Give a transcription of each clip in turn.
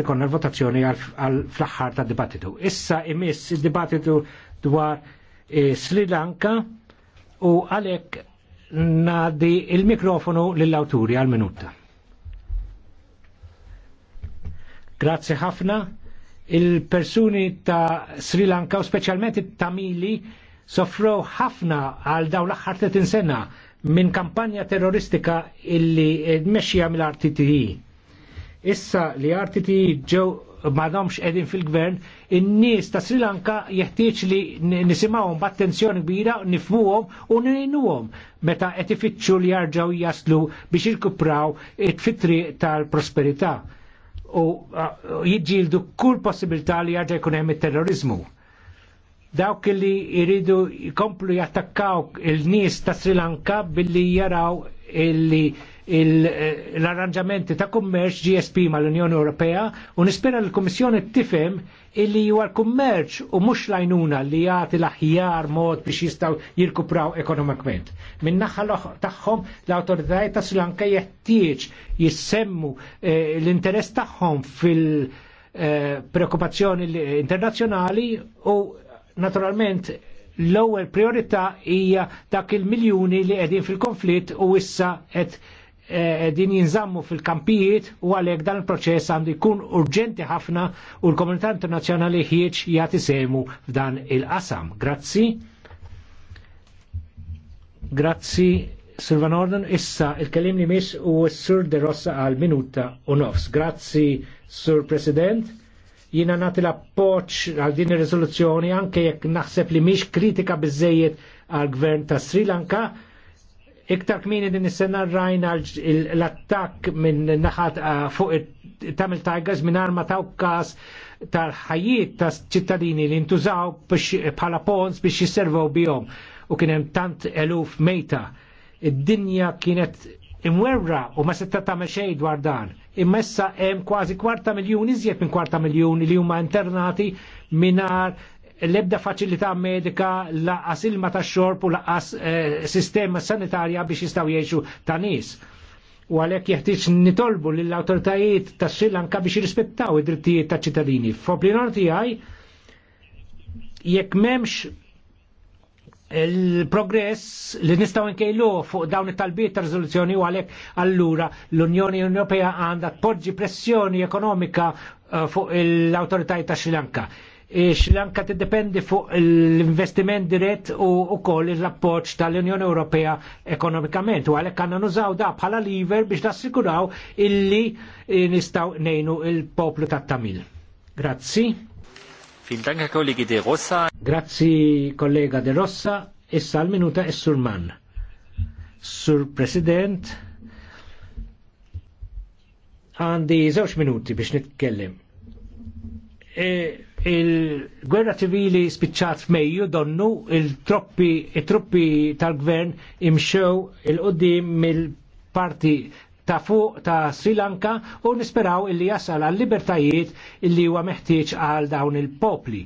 ikonna l-votazzjoni fl-axħar ta' dibattitu. Issa imiss il-dibattitu dwar eh, Sri Lanka u għalek nadi il-mikrofonu lill-awturi għal-minuta. Grazie ħafna. Il-persuni ta' Sri Lanka u specialment il tamili soffrow ħafna għal daw l-axħar 30 sena minn kampanja terroristika illi eh, mexxija mill-RTTI issa li RTT ġew madomx edin fil-gvern, in-nies ta' Sri Lanka jeħtieġ li nisimgħuhom b'attenzjoni kbira, nifmuhom u ninuhom meta qed ifittxu li jarġgħu jaslu biex jirkupraw it-fitri tal-prosperità u jiġġieldu kull possibilità li jarġa' jkun hemm it-terrorizmu dawk li jridu jkomplu jattakkaw il-nies ta' Sri Lanka billi jaraw illi l-arranġamenti ta' kummerċ GSP mal-Unjoni Ewropea u nispera l kummissjoni tifem illi huwa l-kummerċ u mhux lajnuna li jagħti l-aħjar mod biex jistgħu jirkupraw ekonomikament. Min naħa tagħhom l-awtoritajiet ta' Sulanka Lanka jissemmu eh, l-interess tagħhom fil- eh, preokkupazzjoni internazzjonali u naturalment l-ewwel priorità hija dak il-miljuni li qegħdin fil-konflitt u issa qed din jinżammu fil-kampijiet u għalhekk dan il-proċess għandu jkun urġenti ħafna u l-komunità internazzjonali ħieċ jagħti sejmu f'dan il-qasam. Grazzi. Grazzi Silvan Orden, issa il-kelim li mis u s-sur de Rossa għal minuta u nofs. Grazzi, sur President. Jina nati l-appoċ għal din il-rezoluzzjoni anke jekk naħseb li mis kritika bizzejiet għal gvern ta' Sri Lanka Iktar kmini din is-sena rajna l-attakk minn naħat ah, fuq Tamil Tigers minn arma ta' kas tal-ħajiet ta' ċittadini li ntużaw bħala pons biex jisservaw bihom u kien hemm tant eluf mejta. Id-dinja kienet imwerra u ma setta ta' xejn dwar dan. Immessa hemm kważi kwarta miljun iżjed minn kwarta miljun li huma internati minar l-ebda faċilità medika laqas ilma ta' xorb u laqas eh, sistema sanitarja biex jistaw jiexu ta' nis. U għalek jeħtieġ nitolbu lill autoritajiet ta' Sri Lanka biex jirispettaw id-drittijiet ta' ċittadini. ti għaj, jekk memx il-progress li nistaw nkejlu fuq dawn it-talbiet ta' riżoluzzjoni u għalek allura l-Unjoni Ewropea għandha tpoġġi pressjoni ekonomika eh, fuq l-awtoritajiet ta' Sri Lanka ix l-anka t-dependi fuq l-investiment dirett u koll il rapport tal-Unjoni Ewropea ekonomikament u għalek għanna nużaw da bħala liver biex nassikuraw illi nistaw nejnu il-poplu ta' tamil Grazzi. Fin danka kollegi De Rossa. Grazzi kollega De Rossa, issa l-minuta is surman. Sur President, għandi zewx minuti biex nitkellem. E il-gwerra ċivili spiċċat f'Mejju donnu il-troppi il tal-gvern imxew il-qoddim mill-parti ta' fuq ta' Sri Lanka u nisperaw illi jasal għal libertajiet illi huwa meħtieġ għal dawn il-popli.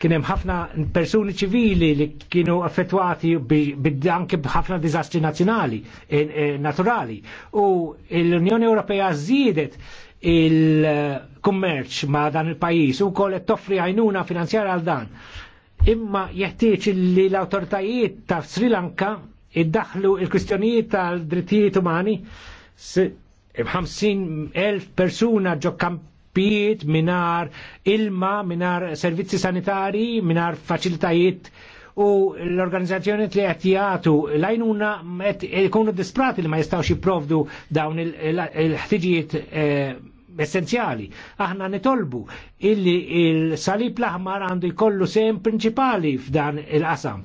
Kien hemm ħafna persuni ċivili li kienu affettwati anke b'ħafna diżastri nazzjonali, eh, eh, naturali. U l-Unjoni Ewropea żiedet il-kummerċ ma' dan il-pajis u kol toffri għajnuna finanzjara għal dan. Imma jeħtieġ li l-autoritajiet ta' Sri Lanka iddaħlu il-kwistjonijiet tal-drittijiet umani elf persuna ġo kampijiet minar ilma, minar servizzi sanitari, minar faċilitajiet u l-organizzazzjoni li qed jagħtu lajnuna qed ikunu disprati li ma jistgħux jipprovdu dawn il-ħtiġijiet eh, essenzjali. Aħna nitolbu illi il-salib l-aħmar għandu jkollu sejn prinċipali f'dan il-qasam.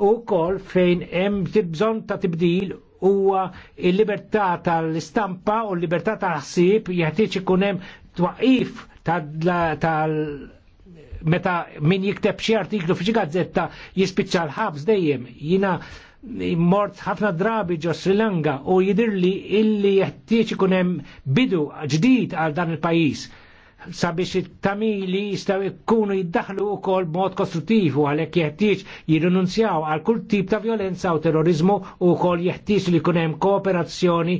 U kol fejn hemm bżonn ta' tibdil huwa il-libertà tal-istampa u l-libertà tal-ħsieb jeħtieġ ikun hemm twaqif tal meta min jikteb xi artiklu f'xi gazzetta jispiċċa l-ħabs dejjem jina mort ħafna drabi ġo Sri Lanka u jidir li illi jeħtieġ ikun hemm bidu ġdid għal dan il-pajjiż sabiex it-tamili jistaw ikkunu jiddaħlu u kol mod kostruttiv u għalek jeħtieġ jirrenunzjaw għal kull tip ta' violenza u terrorizmu u kol jeħtieġ li kunem kooperazzjoni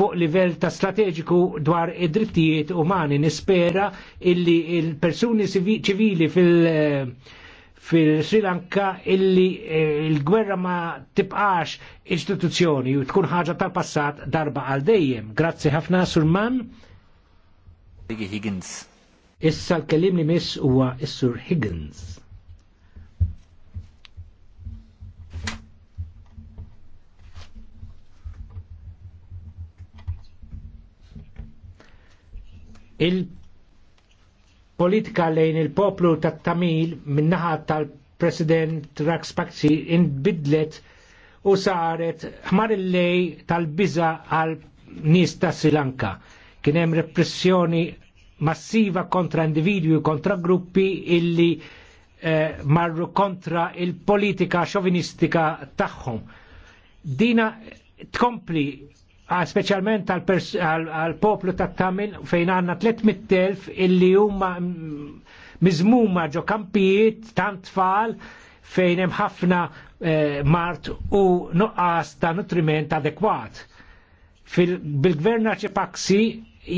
fuq livell ta' strateġiku dwar id-drittijiet umani. Nispera illi il-persuni ċivili fil- fil-Sri Lanka illi eh, il-gwerra ma tibqax istituzzjoni u tkun ħaġa tal-passat darba għal dejjem. Grazzi ħafna Surman. Biggie Higgins. Issa l-kellimni miss huwa is-Sur Higgins. il politika lejn il-poplu ta' Tamil minnaħa tal-President Rakspakzi inbidlet u saret ħmar il-lej tal-biza għal nis ta' Sri Lanka. Kienem repressjoni massiva kontra individwi, kontra gruppi illi eh, marru kontra il-politika xovinistika tagħhom. Dina tkompli Ah, specialment għal poplu ta' tamin fejn għanna 300.000 illi huma mizmuma ġo kampijiet tant tfal fejn hemm ħafna eh, mart u nuqqas ta' nutriment adekwat. Bil-gvern ċipaksi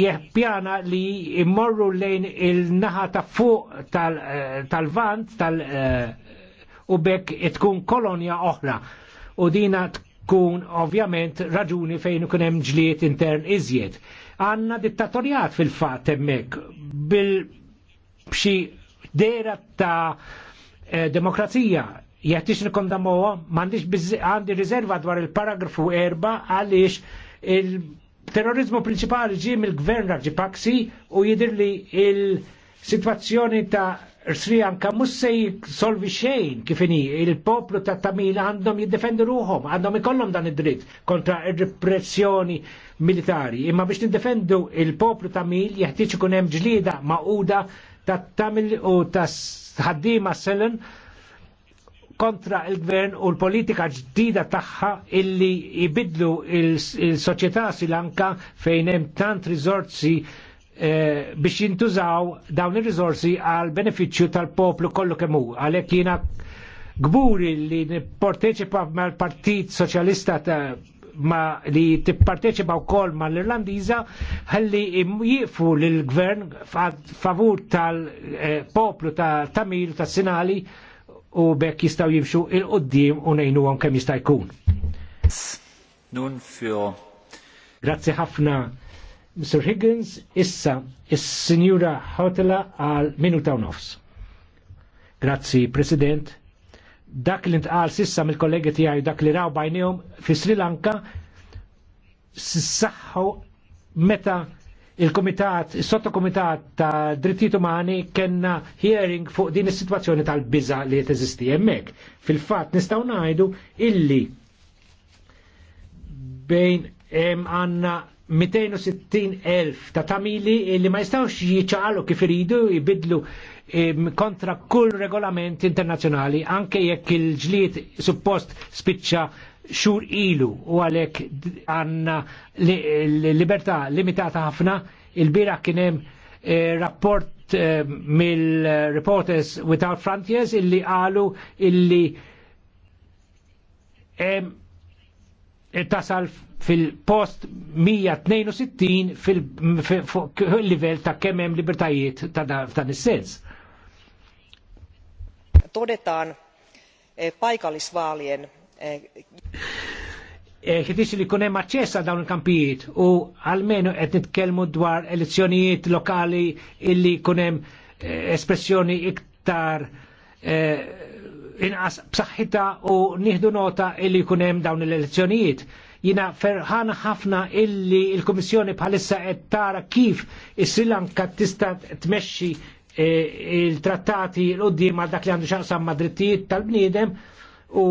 jeppjana li immorru lejn il-naħa ta' fuq eh, tal-vant tal eh, u bekk tkun kolonja oħra u dina kun ovvjament raġuni fejn ikun hemm ġlied intern iżjed. Għanna dittatorjat fil-fatt hemmhekk bil bxi dera ta' eh, demokrazija jettix nikondamowa, mandiġ għandi riserva dwar il-paragrafu erba' għaliex il-terrorizmu principali ġie mill-gvern Raġipaksi u jidir li il-situazzjoni ta' Sri anka mus se jsolvi xejn kif inhi il-poplu ta' Tamil għandhom jiddefendu ruhom, għandhom ikollhom dan id-dritt kontra ir-repressjoni militari. Imma biex niddefendu il-poplu Tamil jeħtieġ ikun hemm ġlieda maquda ta' Tamil u ta' ħaddiema selen kontra il-gvern u l-politika ġdida tagħha illi jibidlu il-soċjetà Sri Lanka fejn hemm tant riżorsi Eh, biex jintużaw dawn ir-riżorsi għal beneficju tal-poplu kollu kemm hu. Għalhekk jiena gburi li nipparteċipa mal-Partit Soċjalista ma li tipparteċipa wkoll mal-Irlandiża ħalli jieqfu lil gvern favur tal-poplu eh, ta' Tamil ta' Sinali u bekk jistgħu jimxu il-qoddim u ngħinuhom kemm jista' jkun. Nun fjo. Grazzi ħafna Mr. Higgins, issa is-Sinjura Hotela għal minuta u nofs. Grazzi, President. Dak li ntqal sissa mill-kollegi tiegħi dak li raw bajnihom fi Sri Lanka sissaħħu meta il-komitat, il-sottokomitat ta' drittijiet umani kenna hearing fuq din is-sitwazzjoni tal-biża li qed eżisti hemmhekk. Fil-fatt nistgħu ngħidu illi bejn hemm għandna 260.000 ta' tamili li ma jistawx jiċaqalu kif iridu jibidlu kontra kull regolament internazzjonali anke jekk il-ġlied suppost spiċċa xur ilu u għalek għanna libertà limitata ħafna il-bira kienem eh, rapport eh, mill-Reporters Without Frontiers illi għalu illi tasal fil-post 162 fil-livell ta' kemem libertajiet ta' dan is-sens. Todetaan eh, paikallisvaalien eh, eh, ħitix li kunem maċċessa dawn il-kampijiet u għalmenu qed nitkellmu dwar elezzjonijiet lokali illi kunem espressjoni iktar inqas b'saħħitha u nieħdu nota illi kunem dawn l-elezzjonijiet. Jina ferħana ħafna illi il-Komissjoni bħalissa qed tara kif is-Sri Lanka tista' tmexxi eh, il-trattati l qudiem għal dak li għandu xaqsam ma' drittijiet tal-bniedem u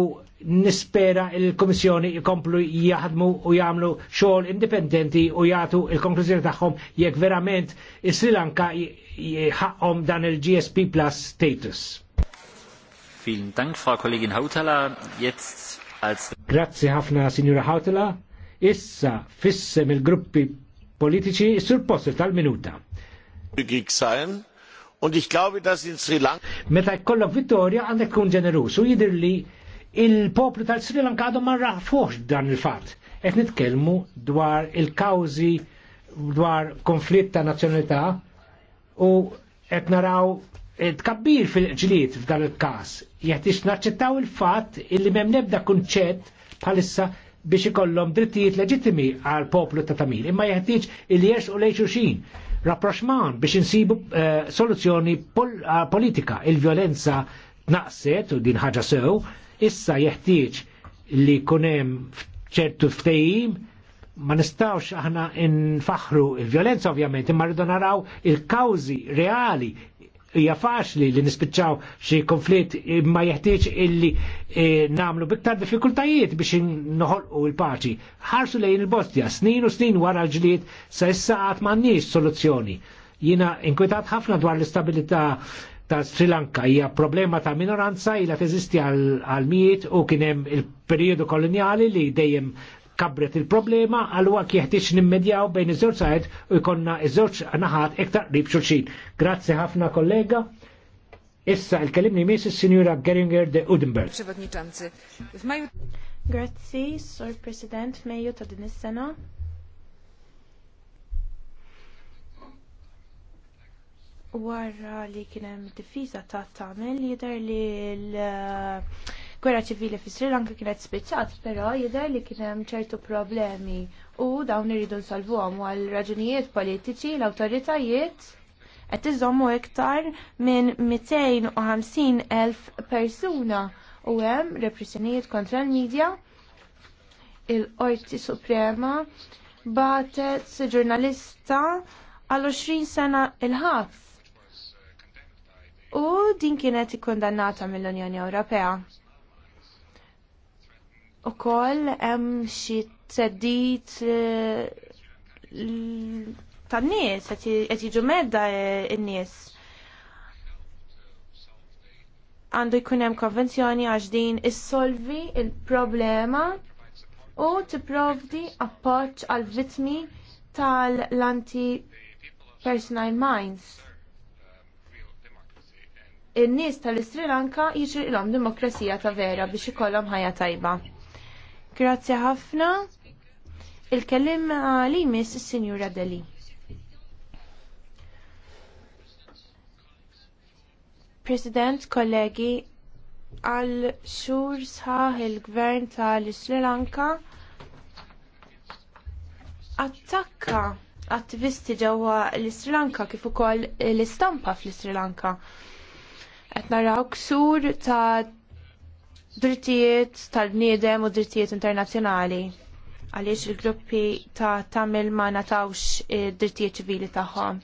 nispera il-Komissjoni jkomplu jaħdmu u jagħmlu xogħol indipendenti u jagħtu il-konklużjoni tagħhom jekk verament is-Sri Lanka jħaqhom dan il-GSP Plus status. Vielen Dank, Frau Kollegin Hautala. Jetzt Grazzi ħafna, Signora Hautela. Issa fissem il-gruppi politiċi sur-post tal-minuta. Und ich glaube, dass in Sri Lanka. Meta jkollok vittorja għandek kun ġenerus u jidir li il-poplu tal-Sri Lanka għadhom marra fuħx dan il fat Et nitkelmu dwar il kawzi dwar konflitt ta' nazzjonalità u et naraw tkabbir fil-ġlied f'dan il-każ. Jeħtiex naċċettaw il-fatt illi m'hemm nebda kunċett bħalissa biex ikollhom drittijiet leġittimi għal poplu ta' Tamil, imma jeħtieġ illi u lejn xin, rapproxman biex insibu eh, soluzzjoni eh, politika. Il-violenza naqset u din ħaġa sew, issa jeħtieġ li kunem ċertu ftejim ma nistawx aħna nfaħru il-violenza ovvjament, imma rridu naraw il-kawzi reali hija faċli li nispiċċaw xi konflitt ma jeħtieġ illi eh, nagħmlu biktar diffikultajiet biex noħolqu l-paċi. Ħarsu lejn il-Bosnia snin u snin wara l-ġlied sa issa qatt m'għandniex soluzzjoni. Jiena inkwetat ħafna dwar l-istabilità ta' Sri Lanka hija problema ta' minoranza ila teżisti għal mijiet u kien hemm il-perjodu koloniali li dejjem kabret il-problema għalwa kieħtiex nimmedjaw bejn iż-żewġ sajt u jkollna iż-żewġ naħat iktar qrib xulxin. Grazzi ħafna kollega. Issa il kelimni mis is-Sinjura Geringer de Udenberg. Grazzi, Sur President, f'Mejju ta' din is-sena. Wara li kienem hemm diffiża ta' tagħmel jidher li l gwerra ċivili fi Sri Lanka kienet spiċċat, però jidher li kien hemm ċertu problemi u dawn iridu nsalvuhom għal raġunijiet politiċi l-awtoritajiet qed iżommu iktar minn 250 elf persuna u hemm repressjonijiet kontra l-medja il-Qorti Suprema batet ġurnalista għal 20 sena il-ħabs. U din kienet ikkondannata mill-Unjoni Ewropea u koll hemm xi teddit eh, tan-nies qed jiġu medda eh, n-nies. Għandu jkun hemm konvenzjoni għax din issolvi il-problema u tipprovdi appoġġ għal vittmi tal-anti personal minds. In-nies tal-Sri Lanka jiġri demokrazija ta' vera biex ikollhom ħajja tajba. Grazzi ħafna. Il-kellim li miss il-Sinjura Deli. President, kollegi, għal xur sħaħ il-gvern tal-Sri Lanka attakka attivisti ġewwa l-Sri Lanka kif ukoll l-istampa fl-Sri Lanka. Qed naraw ksur ta' drittijiet tal-bniedem u drittijiet internazzjonali għaliex il-gruppi ta' tamil ma natawx drittijiet ċivili tagħhom.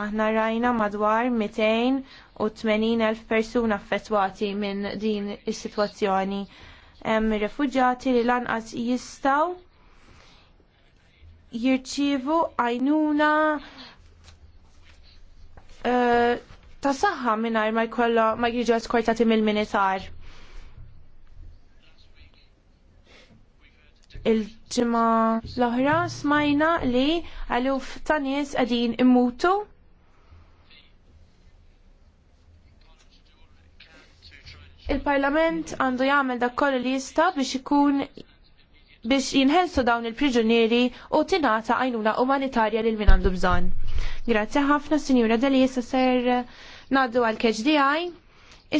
Aħna rajna madwar 280.000 persuna affettwati minn din is-sitwazzjoni. Hemm refuġjati li lanqas jistgħu jirċievu għajnuna uh, ta' saħħa mingħajr ma jkollha ma jiġu eskortati mill-militar il-ġimgħa l-oħra smajna li għaluf ta' nies qegħdin immutu Il-Parlament għandu jagħmel dak kollu li jista' biex ikun biex jinħelsu dawn il-priġunieri u tingħata għajnuna umanitarja lil min għandu bżonn. Grazzi ħafna Sinjura Deli jista ser ngħaddu għal KHDI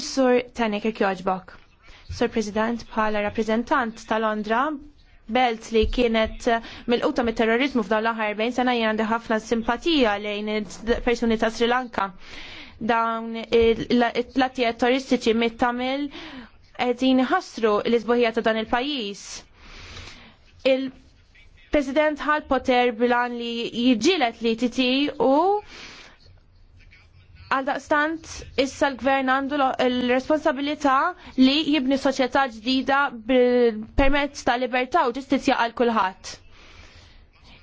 is-sur Tanek Kjoġbok. Sur President bħala rappreżentant ta' Londra belt li kienet mill-quta mit terrorizmu f'dawn l-aħħar 40 sena jien għandi ħafna simpatija lejn il persuni ta' Sri Lanka. Dawn it-tlatijiet turistiċi mit-Tamil qegħdin ħassru l-isbuħija ta' dan il-pajjiż. Il-President ħal poter bilan li jiġilet li titi u Għaldaqstant issa l-gvern għandu l-responsabilità li jibni soċjetà ġdida permezz ta' libertà u ġustizzja għal kulħadd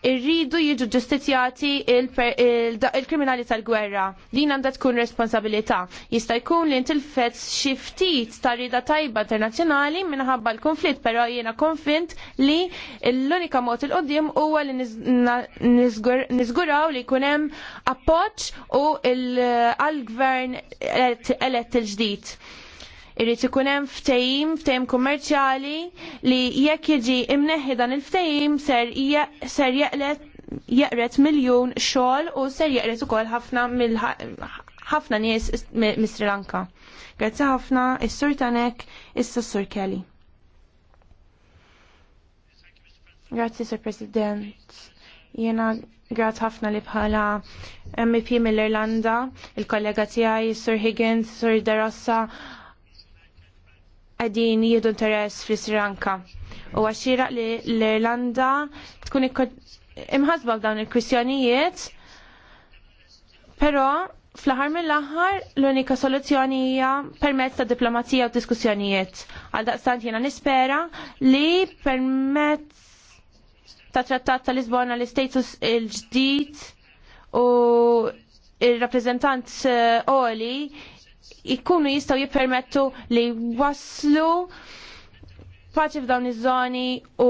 irridu jiġu ġustizjati il-kriminali tal-gwerra. Din għandha tkun responsabilità. Jista' jkun li ntilfet xi ftit ta' rida tajba internazzjonali minħabba l-konflitt, però jiena konfint li l-unika mod il-qoddim huwa li niżguraw li jkun hemm appoġġ u għall-gvern elett il-ġdid. Irrid ikun hemm ftehim, ftehim kummerċjali li jekk jiġi imneħħi dan il-ftehim ser jeqlet jeqret miljun xogħol u ser jeqret ukoll ħafna mill ħafna nies mis Sri Lanka. Grazzi ħafna is-Sur Tanek, issa s-Sur Kelly. Grazzi, Sir President. Jena grat ħafna li bħala MP mill-Irlanda, il-kollega tiegħi, Sir Higgins, Sir Darassa, qegħdin jiedu interess fi Sri Lanka. U għaxira li l-Irlanda tkun imħasba dawn il-kwistjonijiet, però fl-aħħar mill-aħħar l-unika soluzzjoni hija permezz ta' diplomazija u diskussjonijiet. Għal daqstant jiena nispera li permezz ta' trattat ta' Lisbona l-istatus il-ġdid u il-rappresentant eh, Oli ikunu jistaw jippermettu li waslu paċi f'dawn iż-żoni u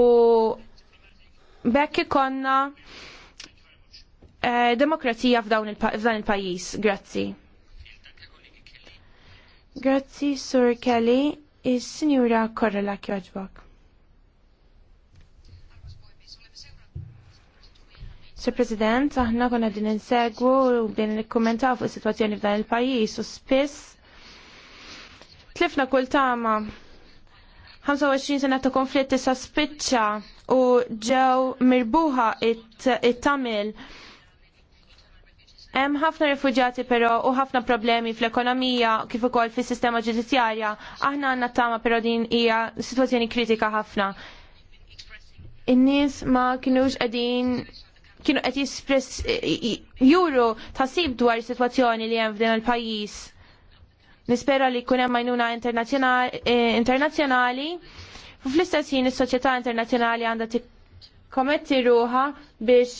bekk ikonna eh, demokrazija f'dan il-pajjiż. Il Grazzi. Grazzi, Sur Kelly. Is-Sinjura Korrela kjoġbok. Sir President, aħna konna din n-segwu u din nikkommentaw fuq is-sitwazzjoni f'dan il-pajjiż u spiss Tlifna kull tama. 25 sena ta' konflitti sa' spiċċa u ġew mirbuħa it-Tamil. Hemm ħafna rifuġjati però u ħafna problemi fl-ekonomija kif ukoll fis-sistema ġudizzjarja. Aħna għandna tama però din hija sitwazzjoni kritika ħafna. In-nies ma kinux qegħdin kienu qed jispress juru tasib dwar is-sitwazzjoni li hemm f'din il-pajjiż Nispera li jkun hemm għajnuna internazzjonali eh, u fl-istess jien is-soċjetà internazzjonali għandha tikkometti ruha biex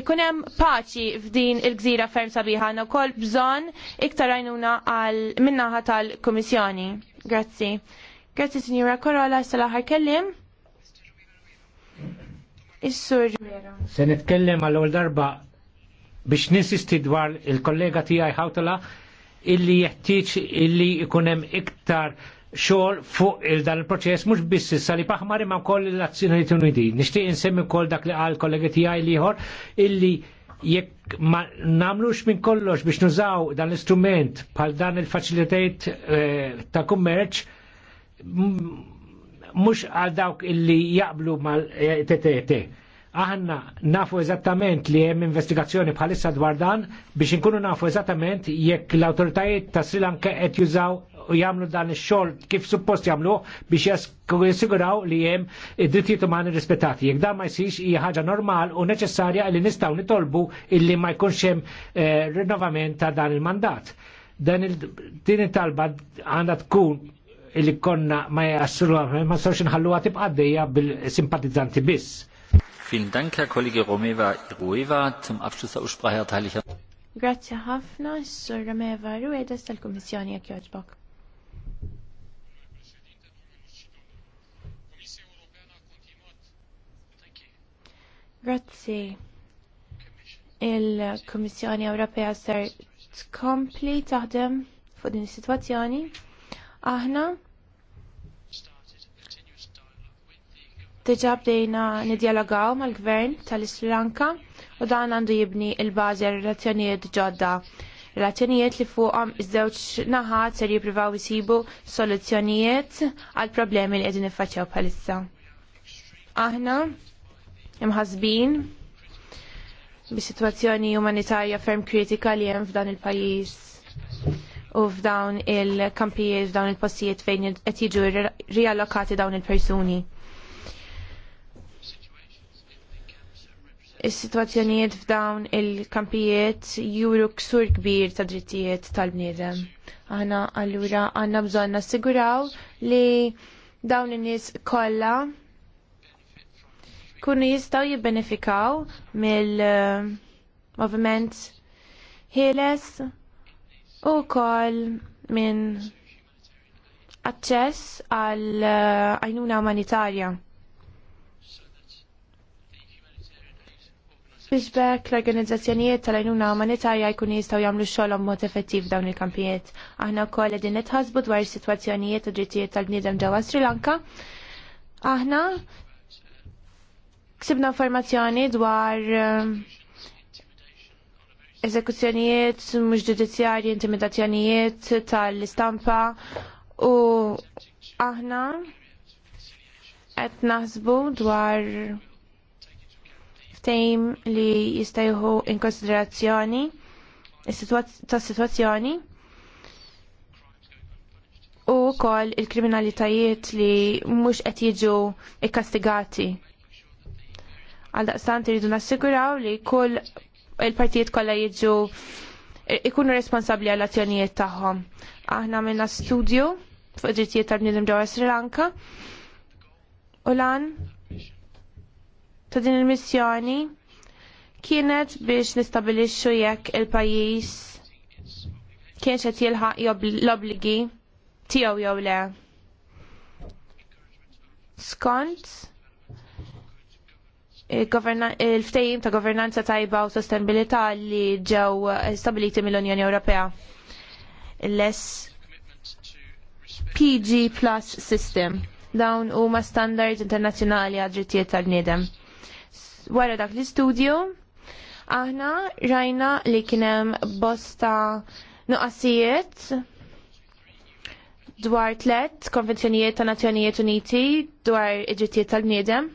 ikun hemm paċi f'din il-gżira ferm sabiħa għandna wkoll bżonn iktar għajnuna għal minnaħa tal-Kummissjoni. Grazzi. Grazzi Sinjura Korola, s-salaħar kellim. Is-sur. Se nitkellem għal-ewwel darba biex ninsisti dwar il-kollega tiegħi ħawtala illi jeħtieġ illi jkun hemm iktar xogħol fuq il-dan il-proċess mhux biss sali li paħmar imma wkoll l-Azzjonijiet Uniti. Nixtieq insemmi wkoll dak li qal kollegi tiegħi ieħor illi jekk ma namlux minn kollox biex nużaw dan l-istrument bħal dan il-faċilitajt eh, ta' kummerċ mhux għal dawk illi jaqblu mal-TTT Aħna nafu eżattament li hemm investigazzjoni bħalissa dwar dan biex inkunu nafu eżattament jekk l-awtoritajiet ta' Sri Lanka qed jużaw u jagħmlu dan ix-xogħol kif suppost jagħmlu biex jassiguraw li hemm id-drittijiet umani rispettati. Jekk dan ma jsirx hija ħaġa normal u neċessarja li nistgħu nitolbu illi ma jkunx hemm eh, rinnovament ta' dan il-mandat. Dan il-din talba għandha tkun illi konna ma jassurwa ma sarx nħalluha tibqa' bil-simpatizzanti biss Vielen Dank, Herr Kollege Romeva Irueva. Zum Abschluss der Aussprache erteile ich Grazie ħafna, Sir Romeva Irueva, tal-Kommissjoni jekk joġbok. Grazzi. Il-Kommissjoni Ewropea ser tkompli taħdem fuq din is-sitwazzjoni. Aħna Diġa bdejna nidjalogaw mal-gvern tal-Sri Lanka u dan għandu jibni il-bażi relazzjonijiet ġodda. Relazzjonijiet li fuqhom iż-żewġ naħat ser jipprivaw jisibu soluzzjonijiet għal problemi li qegħdin niffaċċjaw bħalissa. Aħna imħasbin bis-sitwazzjoni umanitarja ferm kritika li hemm f'dan il-pajjiż u f'dawn il-kampijiet, f'dawn il-postijiet fejn qed jiġu riallokati dawn il-persuni. Is-sitwazzjonijiet f'dawn il-kampijiet juru ksur kbir ta' drittijiet tal-bniedem. Aħna allura għandna bżonn nassiguraw li dawn in-nies kollha kunu jistaw jibbenefikaw mill-moviment eh, ħieles u kol minn aċċess għal eh, għajnuna umanitarja. biex bekk l-organizzazzjonijiet tal-għajnuna umanitarja jkun jistgħu jagħmlu xogħol mod effettiv dawn il-kampijiet. Aħna wkoll qegħdin nitħasbu dwar is-sitwazzjonijiet u drittijiet tal-bniedem ġewwa Sri Lanka. Aħna ksibna informazzjoni dwar ehm, eżekuzzjonijiet mhux ġudizzjarji, intimidazzjonijiet tal-istampa u aħna qed naħsbu dwar tejm li jista' jieħu in konsiderazzjoni tas sitwazzjoni u wkoll il-kriminalitajiet li mhux qed jiġu ikkastigati. Għaldaqstant iridu nassiguraw li kull il-partijiet kollha jiġu ikunu responsabbli għall azzjonijiet tagħhom. Aħna minna studju fuq id-drittijiet tal-bniedem ġewwa Sri Lanka u lan ta' din il-missjoni kienet biex nistabilixxu jekk il-pajjiż kien qed jilħaq l-obligi tiegħu jew le. Skont il ftehim ta' governanza tajba u sostenibilità li ġew stabiliti mill-Unjoni Ewropea. Less PG Plus System. Dawn huma standard internazzjonali għad drittijiet tal-bniedem wara dak l-istudju aħna rajna li kienem bosta nuqasijiet dwar tlet konvenzjonijiet ta' Nazzjonijiet Uniti dwar iġittijiet tal-bniedem.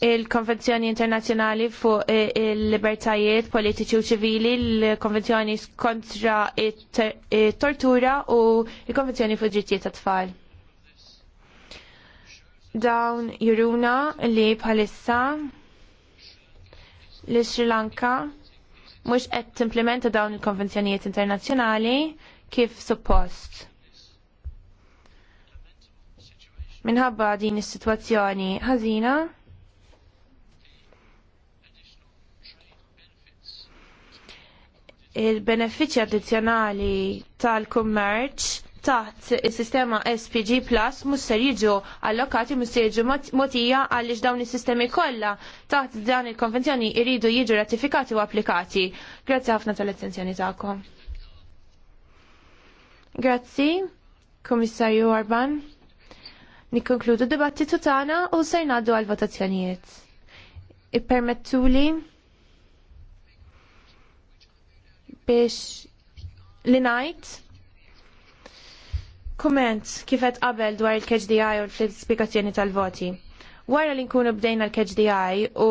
Il-Konvenzjoni Internazzjonali fuq eh, il-Libertajiet Politiċi u Ċivili, il-Konvenzjoni kontra it-Tortura eh, u il-Konvenzjoni fuq iġittijiet tat-Tfal dawn juruna li bħalissa li Sri Lanka mhux qed timplementa dawn il-konvenzjonijiet internazzjonali kif suppost. Minħabba din is-sitwazzjoni ħażina il-benefiċi addizzjonali tal-kummerċ taħt il-sistema SPG Plus musser jiġu allokati musser jiġu motija għalix dawn il-sistemi kolla taħt dan il-konvenzjoni iridu jiġu ratifikati u applikati. Grazzi ħafna tal-attenzjoni taħkom. Grazzi, Komissarju Arban. Nikkonkludu dibattitu tagħna u se ngħaddu għal votazzjonijiet. Ippermettuli biex li ngħid Komment kifet qabel dwar il-KHDI u l-spiegazzjoni tal-voti. Wara li nkunu bdejna l-KHDI u